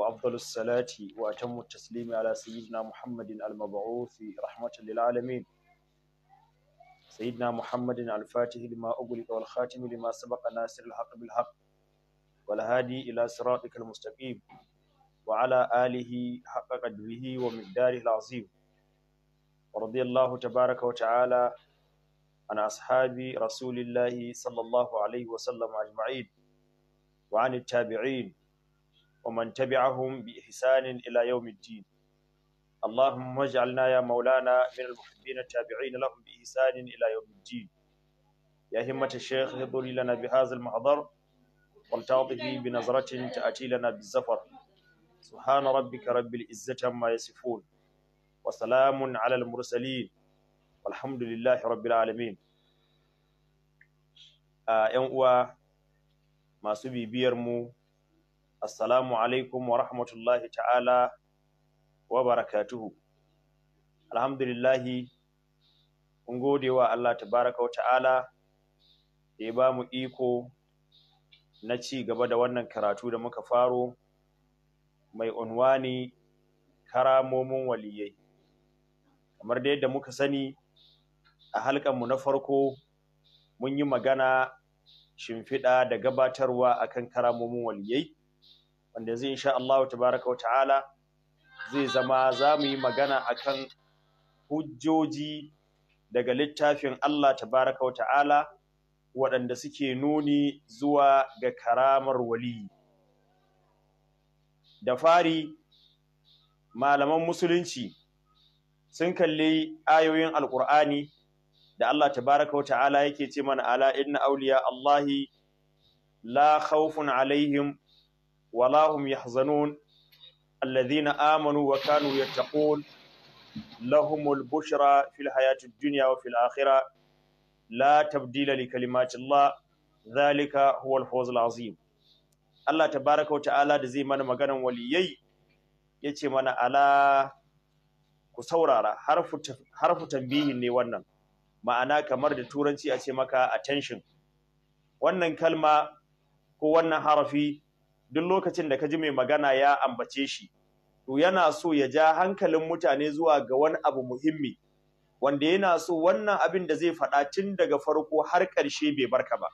وأفضل الصلاة وأتم التسليم على سيدنا محمد المبعوث رحمة للعالمين سيدنا محمد الفاتح لما أغلق والخاتم لما سبق ناصر الحق بالحق والهادي إلى صراطك المستقيم وعلى آله حق قدره ومقداره العظيم ورضي الله تبارك وتعالى عن أصحاب رسول الله صلى الله عليه وسلم أجمعين وعن التابعين ومن تبعهم بإحسان إلى يوم الدين اللهم اجعلنا يا مولانا من المحبين التابعين لهم بإحسان إلى يوم الدين يا همة الشيخ اهضري لنا بهذا المحضر ولتعطه بنظرة تأتي لنا بالزفر سبحان ربك رب العزة عما يصفون وسلام على المرسلين والحمد لله رب العالمين آه يوم masu bibiyar mu assalamu alaikum wa rahmatullahi ta'ala wa barakatuhu alhamdulillahi mun gode wa Allah tabaraka wa ta'ala da ya ba mu iko na ci gaba da wannan karatu da muka faro mai unwani karamomin waliyai kamar da yadda muka sani a halkanmu na farko mun yi magana shimfiɗa da gabatarwa akan karamomin waliyai wanda zai insha Allah tabaraka wa ta'ala zai zama za mu yi magana akan hujjoji daga littafin Allah tabaraka wa ta'ala waɗanda suke nuni zuwa ga karamar wali da fari malaman musulunci sun kalli ayoyin alkur'ani da Allah tabaraka wa ta'ala yake ce mana ala inna auliya Allahi la khawfun alaihim ولا هم يحزنون الذين آمنوا وكانوا يتقون لهم البشرى في الحياة الدنيا وفي الآخرة لا تبديل لكلمات الله ذلك هو الفوز العظيم الله تبارك وتعالى دزي من مغانا وليي يتي من على كسورارا حرف تنبيه ني ونن ma'ana kamar da turanci a ce maka attention wannan kalma ko wannan harafi duk lokacin da ka ji mai magana ya ambace shi to yana so ya ja hankalin mutane zuwa ga wani abu muhimmi wanda yana so wannan abin da zai faɗa tun daga farko har ƙarshe bai barka ba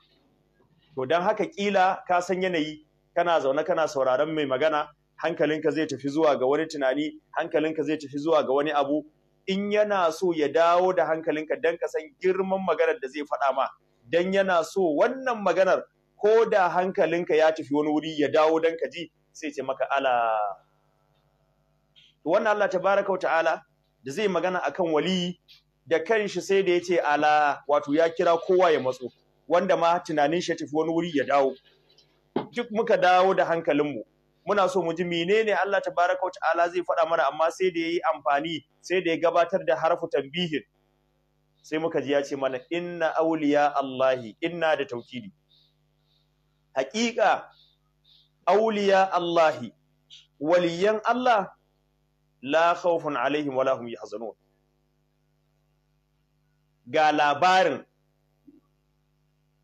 to don haka ƙila ka san yanayi kana zaune kana sauraron mai magana hankalinka zai tafi zuwa ga wani tunani hankalinka zai tafi zuwa ga wani abu in yana so ya dawo da hankalinka don ka san girman maganar da zai faɗa ma don yana so wannan maganar ko da hankalinka ya tafi wani wuri ya dawo don ka ji sai ce maka ala wannan Allah baraka wa ta'ala da zai magana akan wali da kanshi sai da yace ala wato ya kira kowa ya matso wanda ma tunanin shi tafi wani wuri ya dawo duk muka dawo da hankalinmu muna so mu ji menene Allah tabaraka wa ta'ala zai faɗa mana amma sai da ya yi amfani sai da ya gabatar da harfu tambihin sai muka ji ya ce mana inna awliya Allahi inna da Taukiri. haƙiƙa auliya Allahi waliyan Allah la khawfun alaihim wala hum yahzanun ga labarin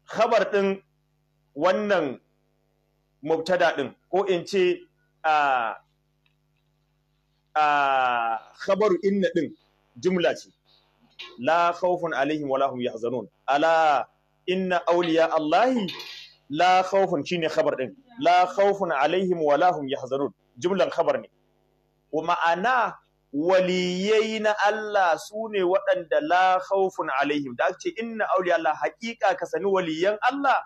khabar din wannan mubtada din ko in ce a a khabaru inna din jumla ce la khawfun alaihim wala hum yahzanun ala inna awliya allahi la khawfun shine khabar din la khawfun alaihim wa lahum jumlan khabar ne ma'ana waliyai na Allah sune waɗanda la khawfun alaihim da ake inna auliya Allah haƙiƙa ka sani waliyan Allah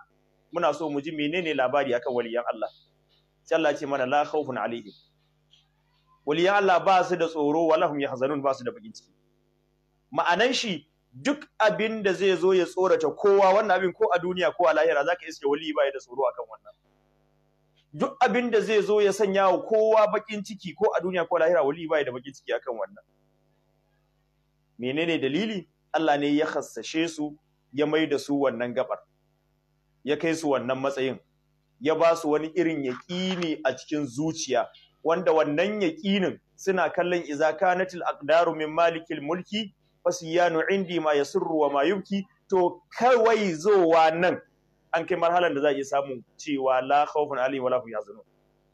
muna so mu ji menene labari akan waliyan Allah sai Allah ce mana la khawfun alaihim waliyan Allah ba su da tsoro walahum yahzanun ba su da bakin ciki ma'anan shi duk abin da zai zo ya tsorata kowa wannan abin ko a duniya ko a lahira zaka iske wali ba ya da tsoro akan wannan duk abin da zai zo ya sanya wa kowa bakin ciki ko a duniya ko a lahira wali ba ya da bakin ciki akan wannan menene dalili Allah ne ya khassashe su ya mai da su wannan gabar ya kai su wannan matsayin ya ba su wani irin yaƙini a cikin zuciya wanda wannan yaƙinin suna kallon iza kanatil aqdaru min malikil mulki fasiyanu indi ma yasurru wa ma to kawai zowa nan an kai marhalan da za a iya samun cewa la khawfun alayhim wala hum yahzanun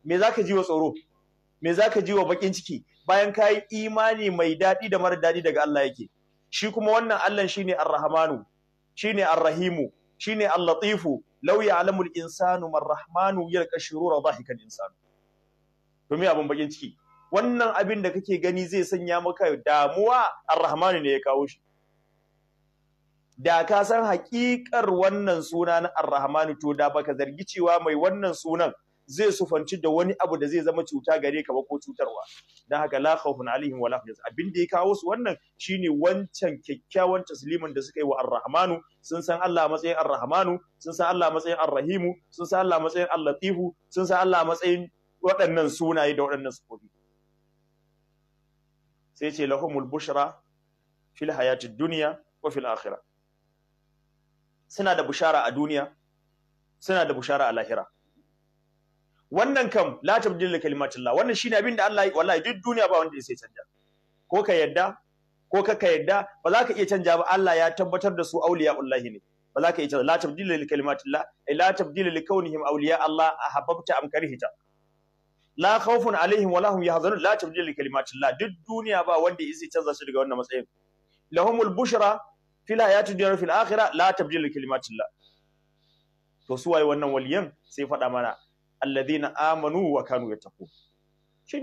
me zaka ji wa tsoro me zaka ji wa bakin ciki bayan kai imani mai dadi da mara dadi daga Allah yake shi kuma wannan Allah shine arrahmanu rahmanu shine arrahimu shine Al-Latifu law ya'lamul insanu marrahmanu rahmanu yalqa insanu to me abun bakin ciki wannan abin da kake gani zai sanya maka damuwa ar ne ya kawo shi da ka san haƙiƙar wannan suna na arrahmanu to da baka zargi cewa mai wannan sunan zai sufanci da wani abu da zai zama cuta gare ka ba ko cutarwa dan haka la khawfun alaihim wala hum abin da ya kawo su wannan shine wancan kyakkyawan tasliman da suka yi wa arrahmanu sun san Allah matsayin arrahmanu sun san Allah matsayin arrahimu sun san Allah matsayin al sun san Allah matsayin waɗannan sunaye da waɗannan sifofi sai ce lahumul bushra fil hayati dunya wa fil akhirah suna da bushara a duniya suna da bushara a lahira wannan kam la tabdil li kalimatillah wannan shine abin da Allah wallahi duk duniya ba wanda sai canja ko ka yadda ko ka ka yadda ba za ka iya canja ba Allah ya tabbatar da su auliya'ullahi ne ba za ka iya canja la tabdil li kalimatillah eh, la tabdil li kaunihim auliya Allah ahabbta am karihta la khawfun alaihim wala hum yahzanun la tabdila li kalimatillah duk duniya ba wanda yace canza su daga wannan matsayin lahumul bushra fil hayatid dunya fil akhirah la tabdila li kalimatillah to su waye wannan waliyan sai faɗa mana alladhina amanu wa kanu yattaqun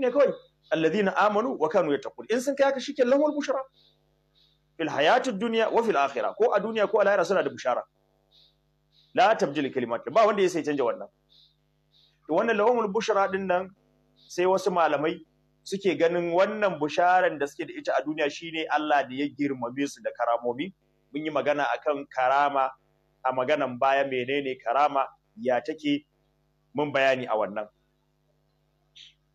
ne kawai alladhina amanu wa kanu yattaqun in sun kai haka shike lahumul bushra fil hayatid dunya wa fil akhirah ko a duniya ko a lahira suna da bushara la tabdila li kalimatillah ba wanda yace canza wannan wannan lahumul bushra din nan sai wasu malamai suke ganin wannan bisharan da suke da ita a duniya shine Allah da ya girmame su da karamomi mun yi magana akan karama a maganan baya menene karama ya take mun bayani a wannan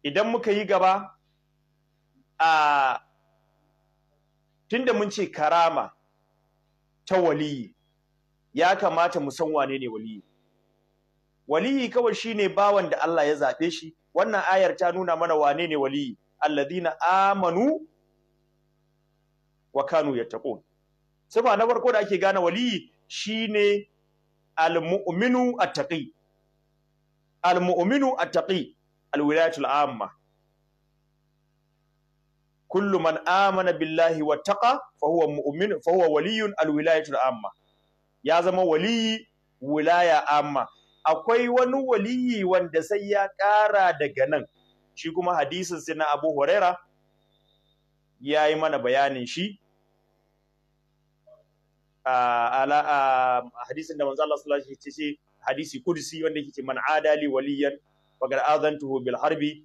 idan muka yi gaba a tunda mun ce karama ta waliyi ya kamata mu san wane ne waliyi waliyi kawai shine bawan da Allah ya zaɓe shi wannan ayar ta nuna mana wane ne wali alladina amanu wa kanu yattaqun sifa na farko da ake gane wali shine almu'minu attaqi almu'minu attaqi alwilayatul amma kullu man amana billahi wattaqa fa huwa mu'min fa huwa waliyun alwilayatul amma ya zama wali wilaya amma akwai wani waliyi wanda sai ya ƙara daga nan shi kuma hadisin sai na Abu Huraira ya yi mana bayanin shi a hadisin da manzo Allah sallallahu alaihi wasallam ya ce hadisi kudsi wanda yake man adali waliyan gar azantuhu bil harbi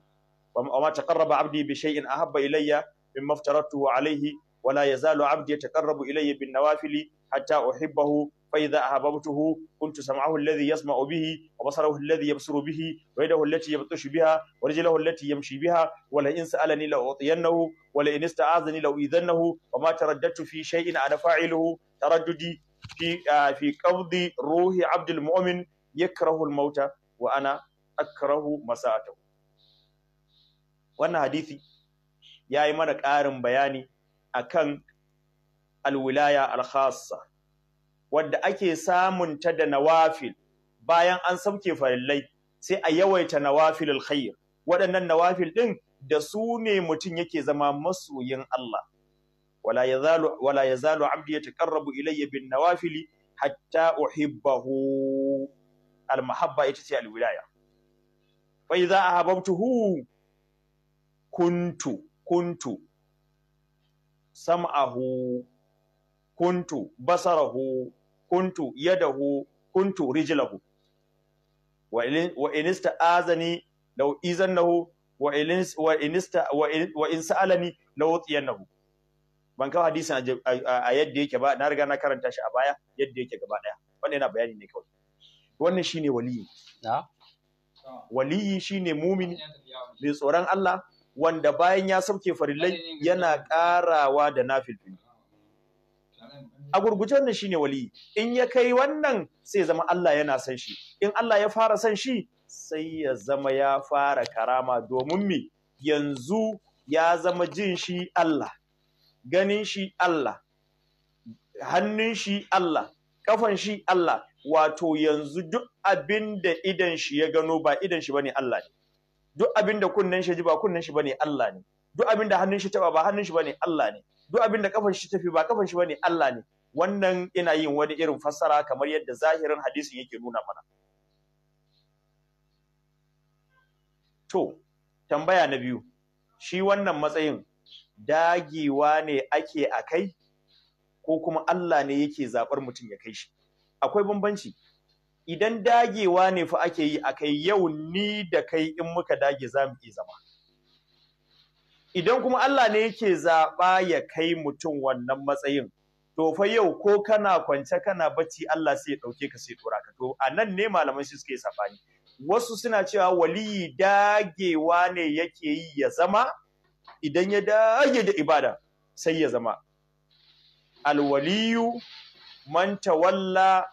wa ma taqarraba abdi bi shay'in ahabba ilayya mimma aftaratuhu alayhi wala la yazalu abdi yataqarrabu ilayya bin nawafili hatta uhibbahu فإذا أحببته كنت سمعه الذي يسمع به وبصره الذي يبصر به ويده التي يبطش بها ورجله التي يمشي بها ولئن سألني لأعطينه ولئن استعاذني لأؤذنه وما ترددت في شيء أنا فاعله ترددي في في قبض روح عبد المؤمن يكره الموت وأنا أكره مساءته wannan hadisi ya yi mana ƙarin bayani akan alwilaya alkhassa wadda ake samun ta da nawafil bayan an sauke farillai sai a yawaita nawafil alkhair waɗannan nawafil ɗin da su ne mutum yake zama masoyin Allah wala yazalu wala yazalu abdi yataqarrabu ilayya bin nawafili hatta uhibbahu al ita ce alwilaya wilaya fa idza ahabbtuhu kuntu kuntu sam'ahu kuntu basarahu kuntu yadahu kuntu rijlahu wa in ista'azani law izannahu wa in wa in wa in sa'alani law tiyannahu ban kawo hadisin a yadda yake ba na riga na karanta shi a baya yadda yake gaba daya wannan yana bayani ne kawai wannan shine waliyi waliyi shine mumini mai tsoron Allah wanda bayan ya sauke farillai yana karawa da nafilfili a gurgujen shi shine wali in ya kai wannan sai zama Allah yana san shi in Allah ya fara san shi sai ya zama ya fara karama domin me yanzu ya zama jin shi Allah ganin shi Allah hannun shi Allah kafan shi Allah wato yanzu duk abin da idan shi ya gano ba idan shi bane Allah ne duk abin da kunnen shi ji ba kunnen shi bane Allah ne duk abin da hannun shi taba ba hannun shi bane Allah ne duk abin da kafan shi tafi ba kafan shi bane Allah ne wannan ina yin wani irin fassara kamar yadda zahirin hadisin yake nuna mana to tambaya na biyu shi wannan matsayin dagewa ne ake a kai ko kuma Allah ne yake zaɓar mutum ya kai shi akwai bambanci idan dagewa ne fa ake yi a kai yau ni da kai in muka dage za mu iya zama idan kuma Allah ne yake zaɓa ya kai mutum wannan matsayin to fa yau ko kana kwance kana bacci Allah sai ya dauke ka sai dora ka to anan ne malaman shi suke safani wasu suna cewa waliyi dagewa ne yake yi ya zama idan ya dage da ibada sai ya zama alwaliyu man tawalla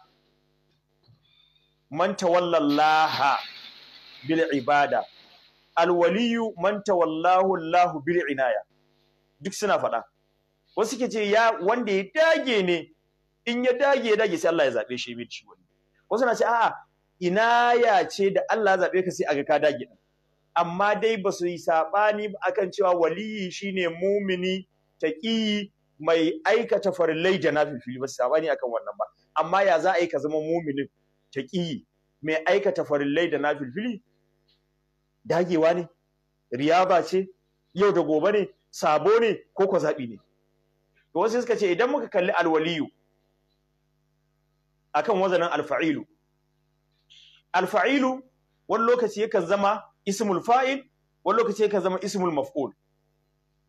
man Allah bil ibada alwaliyu man tawallahu Allah bil inaya duk suna faɗa wasu ke ce ya wanda ya dage ne in ya dage ya dage sai Allah ya zabe shi mai shi wani wasu na ce a'a ina ya ce da Allah ya zabe ka sai aga ka dage amma dai ba su yi sabani akan cewa waliyi shine mumini taqi mai aikata farillai da nafilfili ba su sabani akan wannan ba amma ya za a yi ka zama muminin taqi mai aikata farillai da fili? dagewa ne riyaba ce yau da gobe ne sabo ne ko ko zabi ne to wasu suka ce idan muka kalli alwaliyu akan wazanin alfa'ilu alfa'ilu wani lokaci yakan zama ismul fa'il wani lokaci yakan zama ismul maf'ul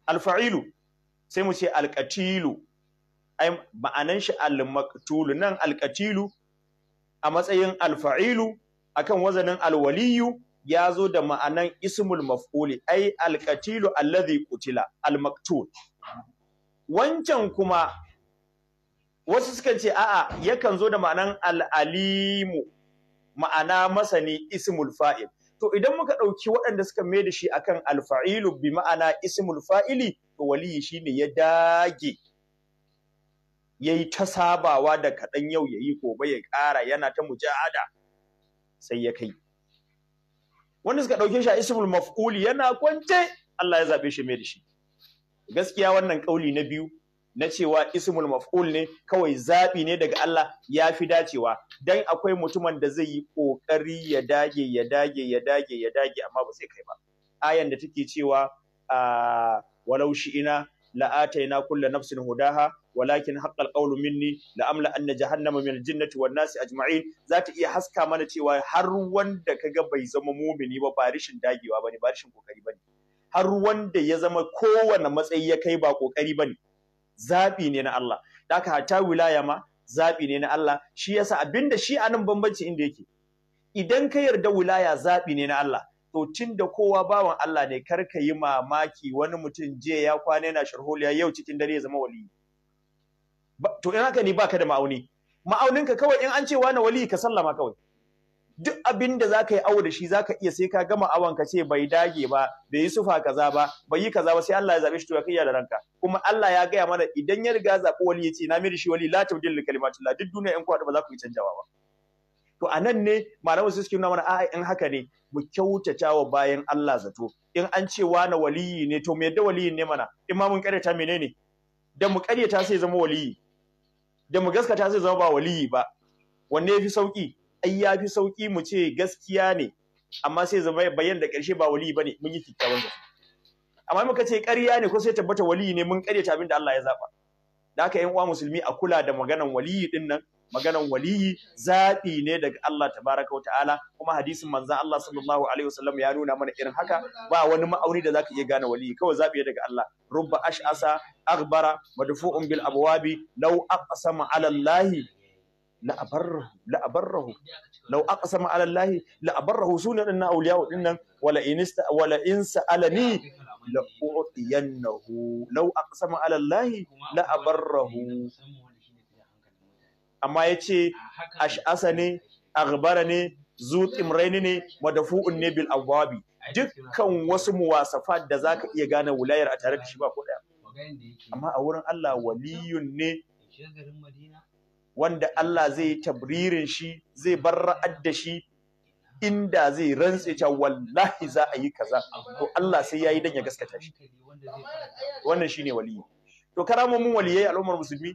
alfa'ilu sai mu ce alqatilu ai ma'anan shi almaqtulu nan alqatilu a matsayin alfa'ilu akan wazanin alwaliyu ya zo da ma'anan ismul maf'uli ai alqatilu allazi qutila almaqtul wancan kuma wasu suka ce a'a yakan zo da ma'anan al'alimu ma'ana masani ismul fa'il to idan muka ɗauki waɗanda suka mai da shi akan alfa'ilu bi ma'ana ismul fa'ili to waliyi shine ya dage ya yi ta sabawa da kaɗan yau ya yi gobe ya ƙara yana ta mujahada sai ya kai wanda suka ɗauke shi a ismul maf'uli yana kwance Allah ya zabe shi mai da shi gaskiya wannan kauli na biyu na cewa ismul maf'ul ne kawai zaɓi ne daga Allah ya fi dacewa dan akwai mutumin da zai yi ƙoƙari ya dage ya dage ya dage ya dage amma ba sai kai ba ayan da take cewa a walau shi'ina la'ataina kulla nafsin hudaha walakin haqqal qawlu minni amla anna jahannama min jinnati wan nasi ajma'in zata iya haska mana cewa har wanda kaga bai zama mumini ba ba rishin dagewa bane ba rishin kokari bane har wanda ya zama kowane matsayi ya kai ba kokari bane zabi ne na Allah daka hatta wilaya ma zabi ne na Allah shi yasa abinda shi anan bambanci inda yake idan ka yarda wilaya zabi ne na Allah to tunda kowa bawan Allah ne kar ka yi mamaki wani mutum je ya kwana yana sharholiya yau cikin dare ya zama wali to in haka ne baka da ma'auni Ma'aunin ka kawai in an ce wani wali ka sallama kawai duk abin da ka yi awo da shi za ka iya sai ka gama awon ka ce bai dage ba bai yi sufa kaza ba bai yi kaza ba sai Allah ya zabe shi to ya kai da ranka kuma Allah ya gaya mana idan ya riga zabi wali ya ce na miri shi wali la tabdil kalimatullah duk duniya in kwada ba za ku yi canjawa ba to a nan ne malamin su suke nuna mana a'a in haka ne mu kyautata wa bayan Allah zato in an ce wani waliyi ne to me yadda waliyin ne mana imamun ta menene da mu karyata sai zama waliyi da mu gaskata sai zama ba waliyi ba wanne yafi sauki ai ya fi sauƙi mu ce gaskiya ne amma sai zama bayan da ƙarshe ba wali bane mun yi kyakkyawan zato amma muka ce ƙarya ne ko sai tabbata wali ne mun ƙarya abin da Allah ya zaba da haka ƴan uwa musulmi a kula da maganan waliyi din nan maganan waliyi zaɓi ne daga Allah tabaraka wa ta'ala kuma hadisin manzon Allah sallallahu alaihi wasallam ya nuna mana irin haka ba wani ma'auni da zaka iya gane waliyi kawai zaɓi daga Allah rubba ash'asa aghbara madfu'un bil abwabi law aqsama ala Allah la'abarrahu lau aqsama ala allahi la'abarrahu sunan dinnan awliya dinnan wala inista wala in sa'alani la u'tiyannahu lau aqsama ala allahi la'abarrahu amma yace Ash Asani, aghbara ne zuqimraini ne madafu'un ne bil awabi dukkan wasu muwasafat da zaka iya gane wulayar a tare da shi ba ko daya amma a wurin Allah waliyun ne wanda Allah zai tabririn shi zai ra'ad da shi inda zai rantse cewa wallahi za a yi kaza to Allah sai yayi dan ya gaskata shi wannan shine waliyi to karamomin waliyai al'ummar musulmi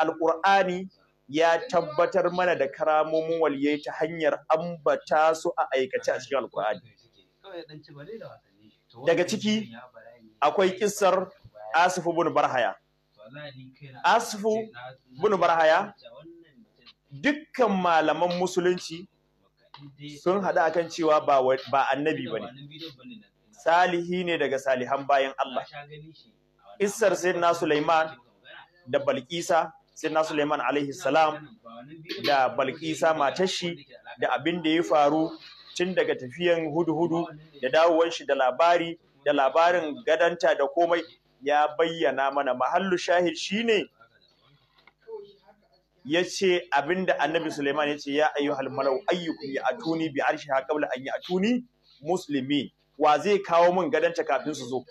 alqur'ani ya tabbatar mana da karamomin waliyai ta hanyar ambata su a aikace a cikin alqur'ani daga ciki akwai kissar asifu bin Barhaya asfu bunu barhaya dukkan malaman musulunci sun a kan cewa ba annabi ba ne salihi ne daga salihan bayan Allah Isar sayyidina Suleiman da Balkisa sayyidina Suleiman alaihi salam da Balkisa matashi da abin da ya faru tun daga tafiyan hudu-hudu da dawowar shi da labari da labarin gadanta da komai ya bayyana mana mahallu shahid shine yace abinda annabi Suleiman ya ce ya ayyu malau ayyukum ya atuni bi arshi ha qabla an atuni Musulmi. wa zai kawo min gadanta kafin su zo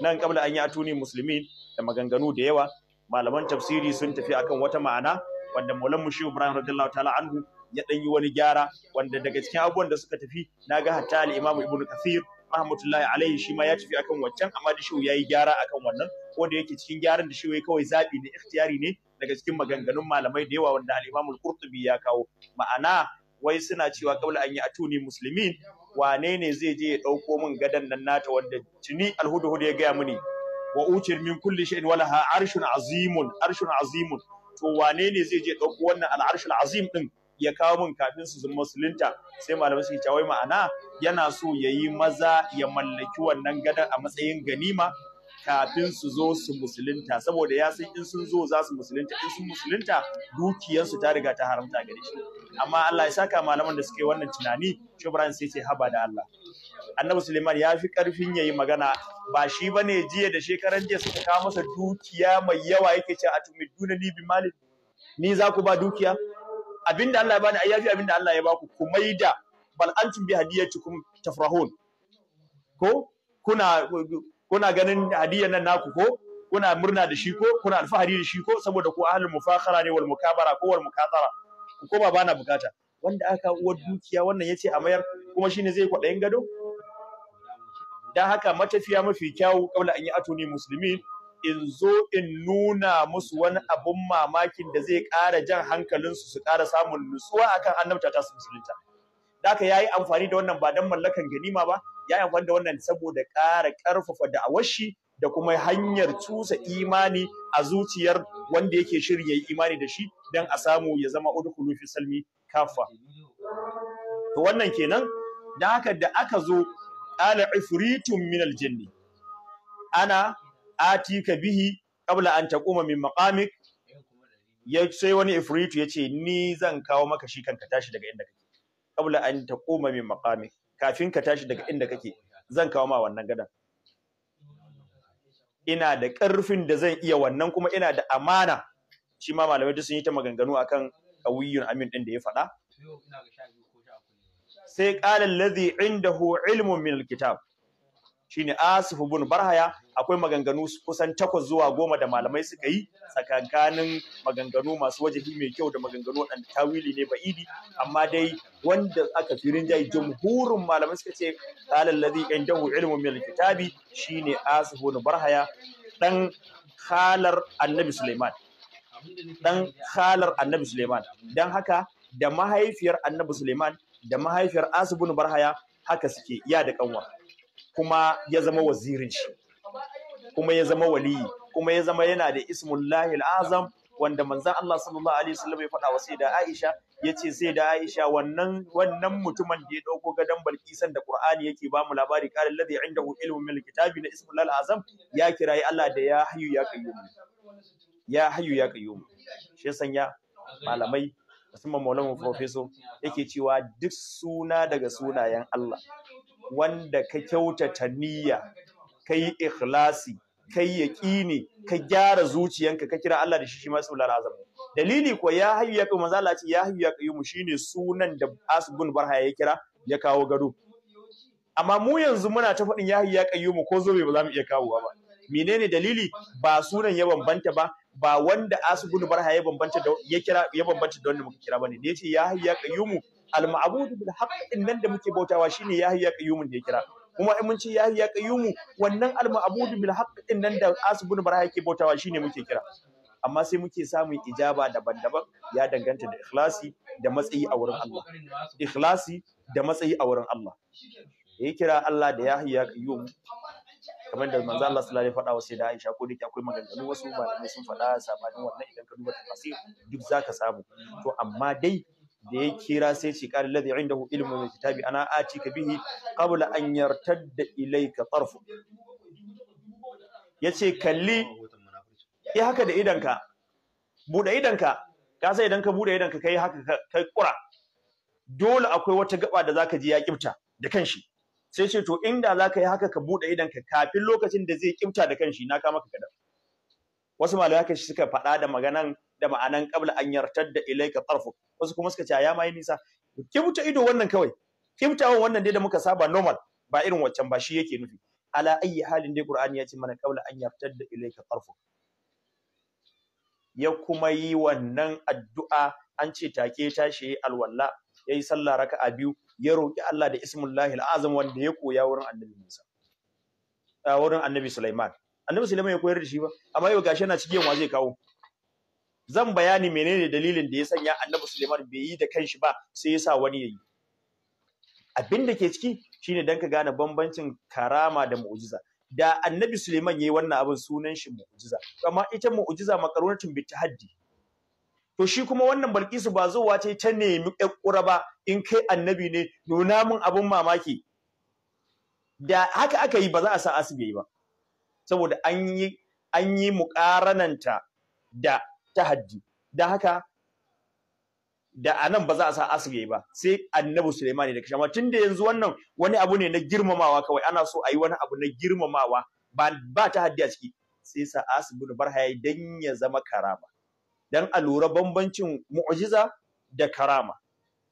nan qabla an atuni Musulmi da maganganu da yawa malaman tafsiri sun tafi akan wata ma'ana wanda Maulan Mushi Ibrahim radiyallahu ta'ala anhu ya dan yi wani gyara wanda daga cikin abubuwan da suka tafi naga hatta al-Imam ibnu Kathir rahmatullahi alaihi shi ma ya tafi akan wancan amma da ya yayi gyara akan wannan ko da yake cikin gyaran da shehu kawai zabi ne ikhtiyari ne daga cikin maganganun malamai da yawa wanda al imamul qurtubi ya kawo ma'ana wai suna cewa kabla an yi atuni muslimin wane ne zai je ya dauko min gadan nan nata wanda tuni alhudu ya gaya mini wa ucir min kulli shay'in walaha arshun azimun arshun azimun to wane ne zai je dauko wannan al-arshul azim din ya kawo min kafin su zama musulunta sai malamai suke cewa ma'ana yana so ya yi maza ya mallaki wannan gadon a matsayin ganima kafin su zo su musulunta saboda ya san in sun zo za su musulunta in sun musulunta dukiyarsu ta riga ta haramta gare shi amma Allah ya saka malaman da suke wannan tunani Shubran sai ce haba da Allah Annabi Suleiman ya fi karfin yayi magana ba shi bane jiya da shekaran jiya suka kawo masa dukiya mai yawa yake cewa atumiduna ni bi mali ni za ku ba dukiya abinda Allah ya bani ai yafi abinda Allah ya baku ku maida bal antum bi hadiyatikum tafrahun ko kuna kuna ganin hadiyan nan naku ko kuna murna da shi ko kuna alfahari da shi ko saboda ko ahlul mufakhara ne wal mukabara ko wal mukatara ko ba bana bukata wanda aka uwar dukiya wannan yace a mayar kuma shine zai kwadayin gado dan haka matafiya mafi kyau kaula an yi atuni muslimin in zo in nuna musu wani abun mamakin da zai ƙara jan hankalinsu su ƙara samun nutsuwa akan annabta ta su musulunta da aka yayi amfani da wannan ba dan mallakan ganima ba yayi amfani da wannan saboda ƙara ƙarfafa da awashi da kuma hanyar cusa imani a zuciyar wanda yake shirin yi imani da shi dan a samu ya zama udkhulu fi salmi kafa to wannan kenan da haka da aka zo ala ifritun minal jinni. ana atika bihi kabla an taquma min maqamik ya sai wani ifritu ya ce ni zan kawo maka shi kanka tashi daga inda kake kabla an taquma min maqamik kafin ka tashi daga inda kake zan kawo ma wannan gadan ina da ƙarfin da zan iya wannan kuma ina da amana shi ma malamai duk sun yi ta maganganu akan kawiyun amin din da ya faɗa sai qala allazi indahu ilmun min alkitab shine asifu ibn Barhaya akwai maganganu kusan takwas zuwa goma da malamai suka yi tsakankanin maganganu masu wajahi mai kyau da maganganu waɗanda tawili ne ba'idi amma dai wanda aka fi rinjaye jumhurin malamai suka ce qala alladhi indahu ilimin min alkitabi shine asifu ibn Barhaya dan halar Annabi suleiman dan halar Annabi Suleiman, dan haka da mahaifiyar Annabi Suleiman, da mahaifiyar asibu Barhaya haka suke iya da kanwa kuma ya zama wazirin shi kuma ya zama waliyi kuma ya zama yana da ismullahi azam wanda manzon Allah sallallahu alaihi wasallam ya faɗa wa sayyida Aisha yace sayyida Aisha wannan wannan mutumin da ya dauko gadon Balkisan da Qur'ani yake ba mu labari qala alladhi indahu ilmun min kitabi na ismullahi azam ya kirayi Allah da ya hayyu ya qayyum ya hayyu ya qayyum shi sanya malamai musamman maulamin professor yake cewa duk suna daga sunayen Allah wanda ka kyautata niyya ka yi ikhlasi ka yi yaƙini ka gyara zuciyanka ka kira Allah da shi shi ma ismul azam dalili ko ya hayyu ya qayyum Allah ce ya hayyu ya qayyum shine sunan da Asbun Barha ya kira ya kawo gado amma mu yanzu muna ta faɗin ya hayyu ya qayyum ko zobe ba za mu iya kawowa ba menene dalili ba sunan ya bambanta ba ba wanda Asbun Barha ya bambanta da ya kira ya bambanta da wanda muka kira bane Ne ce ya hayyu ya qayyum al-ma'budu bil haqq innan nan da muke bautawa shine yahiya qayyumun da ya kira kuma in mun ce yahiya qayyumu wannan al-ma'budu bil haqq innan nan da asbun bara yake bautawa shine muke kira amma sai muke samun ijaba daban-daban ya danganta da ikhlasi da matsayi a wurin Allah ikhlasi da matsayi a wurin Allah yayi kira Allah da yahiya qayyum kamar da manzo Allah sallallahu alaihi faɗa wa da Aisha ko dake akwai maganganu wasu malamai sun faɗa sabanin wannan idan ka duba tafsir duk zaka samu to amma dai da ya kira sai ce qala alladhi indahu ilmu min kitabi ana ka bihi qabla an yartadda ilayka tarfu yace kalli yi haka da idanka bude idanka ka sai idan ka bude idanka kai haka kai kura dole akwai wata gaba da zaka ji ya kibta da kanshi sai ce to inda zaka yi haka ka bude idanka kafin lokacin da zai kibta da kanshi na ka maka wasu malamai shi suka faɗa da maganan da ma'anan kabla an da ilaika tarfu wasu kuma suka ce ya mai nisa kibta ido wannan kawai kibtawan wannan dai da muka saba normal ba irin waccan ba shi yake nufi ala ayi halin dai qur'ani ya ce mana kabla an da ilaika tarfu ya kuma yi wannan addu'a an ce take tashi alwalla yayi sallah raka'a biyu ya roki Allah da ismullahi alazim wanda ya koya wurin annabi Musa a wurin annabi Sulaiman annabi Sulaiman ya koyar da shi ba amma yau gashi yana cikin wa zai kawo zan bayani menene dalilin da ya sanya Annabi Suleiman bai yi da kanshi ba sai yasa wani yayi abin da ke ciki shine dan ka gane bambancin karama da mu'jiza da Annabi Suleiman yayi wannan abin sunan shi mu'jiza amma ita mu'jiza makarunatin bi tahaddi to shi kuma wannan Balkisu ba zuwa ce ta nemi ƙura ba in kai annabi ne nuna min abin mamaki da haka aka yi ba za a sa asibi ba saboda an yi an yi muƙarananta da tahaddi da haka da anan ba za a sa asir ba sai annabi ne da kashama amma da yanzu wannan wani abu ne na girmamawa kawai ana so a yi wani abu na girmamawa ba ba tahaddi a ciki sai sa asir bin barha yayi dan ya zama karama dan a lura bambancin mu'jiza da karama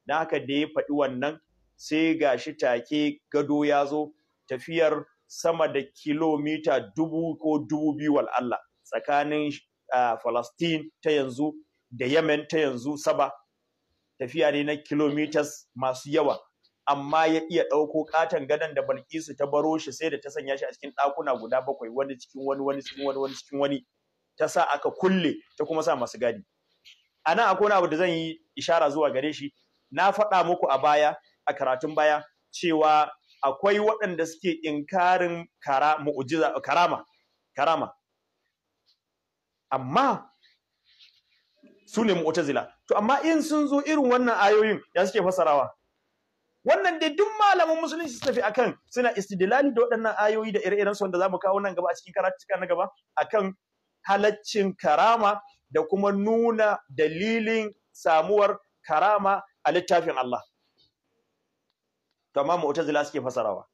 dan haka da ya faɗi wannan sai ga shi take gado ya zo tafiyar sama da kilomita dubu ko dubu biyu wal Allah tsakanin Falastin ta yanzu da Yemen ta yanzu saba tafiya ne na kilometers masu yawa amma ya iya ɗauko katon gadon da Balkisu ta baro shi sai da ta sanya shi a cikin ɗakuna guda bakwai wani cikin wani wani cikin wani wani cikin wani ta sa aka kulle ta kuma sa masu gadi a nan akwai abu da zan yi ishara zuwa gare shi na faɗa muku a baya a karatun baya cewa akwai waɗanda suke inkarin kara karama amma su ne mu'tazila to amma in sun zo irin wannan ayoyin ya suke fasarawa wannan dai duk malaman musulunci su tafi akan suna istidlali da waɗannan ayoyi da ire-iren su wanda zamu kawo nan gaba a cikin karatuka na gaba akan halaccin karama da kuma nuna dalilin samuwar karama a littafin Allah to amma mu'tazila suke fasarawa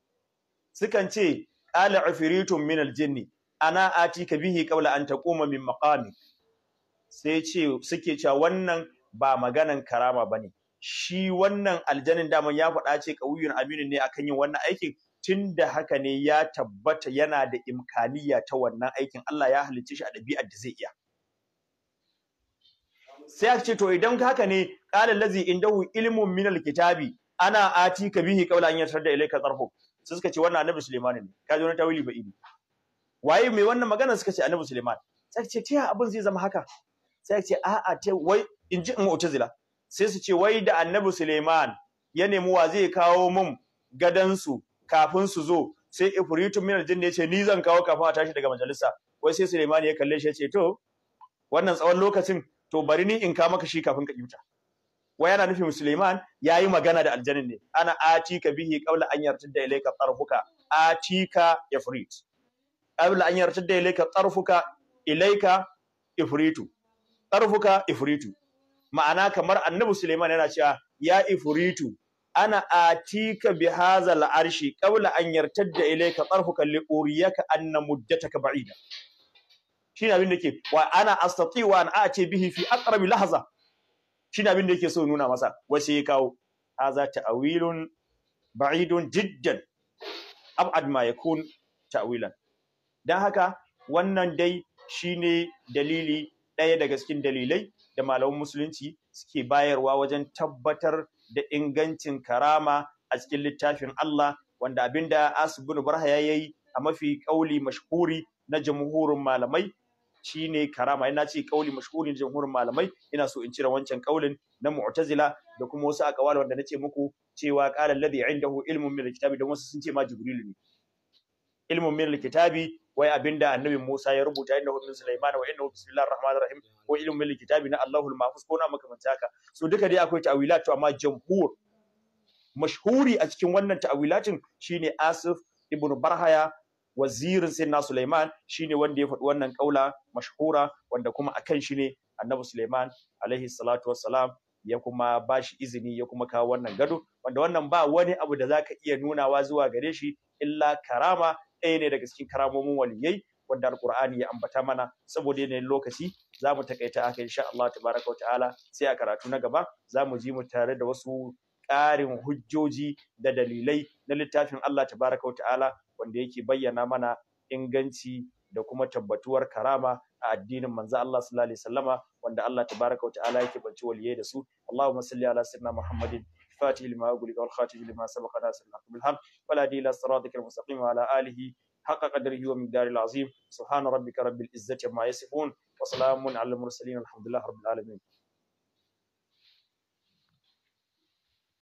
sukan ce ala ufiritun Minal al-jinni ana ati, 'Ka bihi kawla an taquma min maqami sai ce suke cewa wannan ba maganan karama ba ne. shi wannan aljanin daman ya faɗa ce kawiyun aminin ne akan yin wannan aikin tunda haka ne ya tabbata yana da imkaniya ta wannan aikin Allah ya halicce shi a dabi'ar da zai iya sai a ce to idan haka ne qala allazi indahu ilmun min kitabi ana ati, 'Ka bihi kawla an da ilayka tsarfo. sai suka ce wannan annabi Sulaiman ne kaje wani tawili ba ibi waye mai wannan magana suka ce annabi Suleiman sai ce ta abin zai zama haka sai ce a'a ta wai in ji mu'tazila sai su ce wai da annabi Suleiman ya nemi wa zai kawo mun gadansu kafin su zo sai ifritun min aljin ne ce ni zan kawo kafin a tashi daga majalisa wai sai Suleiman ya kalle shi ya ce to wannan tsawon lokacin to bari ni in ka maka shi kafin ka kiuta wai yana nufin Suleiman yayi magana da aljanin ne ana atika bihi qabla an yartadda ilayka tarbuka atika ifrit abla an da ilayka tarfuka ilayka ifritu tarfuka ifritu ma'ana kamar annabi Suleiman yana cewa ya ifritu ana atika bi hazal arshi qabla an da ilayka tarfuka li uriyaka anna muddataka ba'ida shine abin da yake wa ana astati wa an ati bihi fi aqrab lahza shine abin da yake so nuna masa wace ya kawo haza ta'wilun ba'idun jiddan ab'ad ma yakun ta'wilan don haka wannan dai shine dalili ɗaya daga cikin dalilai da malaman musulunci suke bayarwa wajen tabbatar da ingancin karama a cikin littafin Allah wanda abinda Asibin Barha ya yi a mafi kauli mashhuri na jamhurin malamai shine karama ina ce kauli mashhuri na jamhurin malamai ina so in cire wancan kaulin na mu'tazila da kuma wasu akawal wanda nace muku cewa qala alladhi indahu ilmun min alkitabi don wasu sun ce ma jibrilu ne ilmun min alkitabi wai abinda annabi Musa ya rubuta inna hu min Sulaiman wa inna hu bismillahir rahmanir rahim ko ilmin lil kitabi na Allahul mahfuz ko na makamanta haka so duka dai akwai ta'wilat to amma jamhur mashhuri a cikin wannan ta'wilatin shine Asif ibn Barhaya wazirin sayyidina Sulaiman shine wanda ya faɗi wannan kaula mashhura wanda kuma akan shi ne annabi Sulaiman alaihi salatu wassalam ya kuma ba shi izini ya kuma kawo wannan gado wanda wannan ba wani abu da zaka iya nunawa zuwa gare shi illa karama ɗaya ne daga cikin karamomin waliyai wanda alkur'ani ya ambata mana saboda yanayin lokaci za mu takaita haka insha Allah tabaraka wa ta'ala sai a karatu na gaba za mu ji mu tare da wasu ƙarin hujjoji da dalilai na littafin Allah tabaraka wa ta'ala wanda yake bayyana mana inganci da kuma tabbatuwar karama a addinin manzo Allah sallallahu alaihi wasallama wanda Allah tabaraka wa ta'ala yake banci waliyai da su Allahumma salli ala sayyidina Muhammadin فاته لما أغلق والخاتم لما سبق ناس من الحق بالحق ولا دي إلى صراطك المستقيم وعلى آله حق قدره ومقداره العظيم سبحان ربك رب العزة ما يصفون وسلام على المرسلين الحمد لله رب العالمين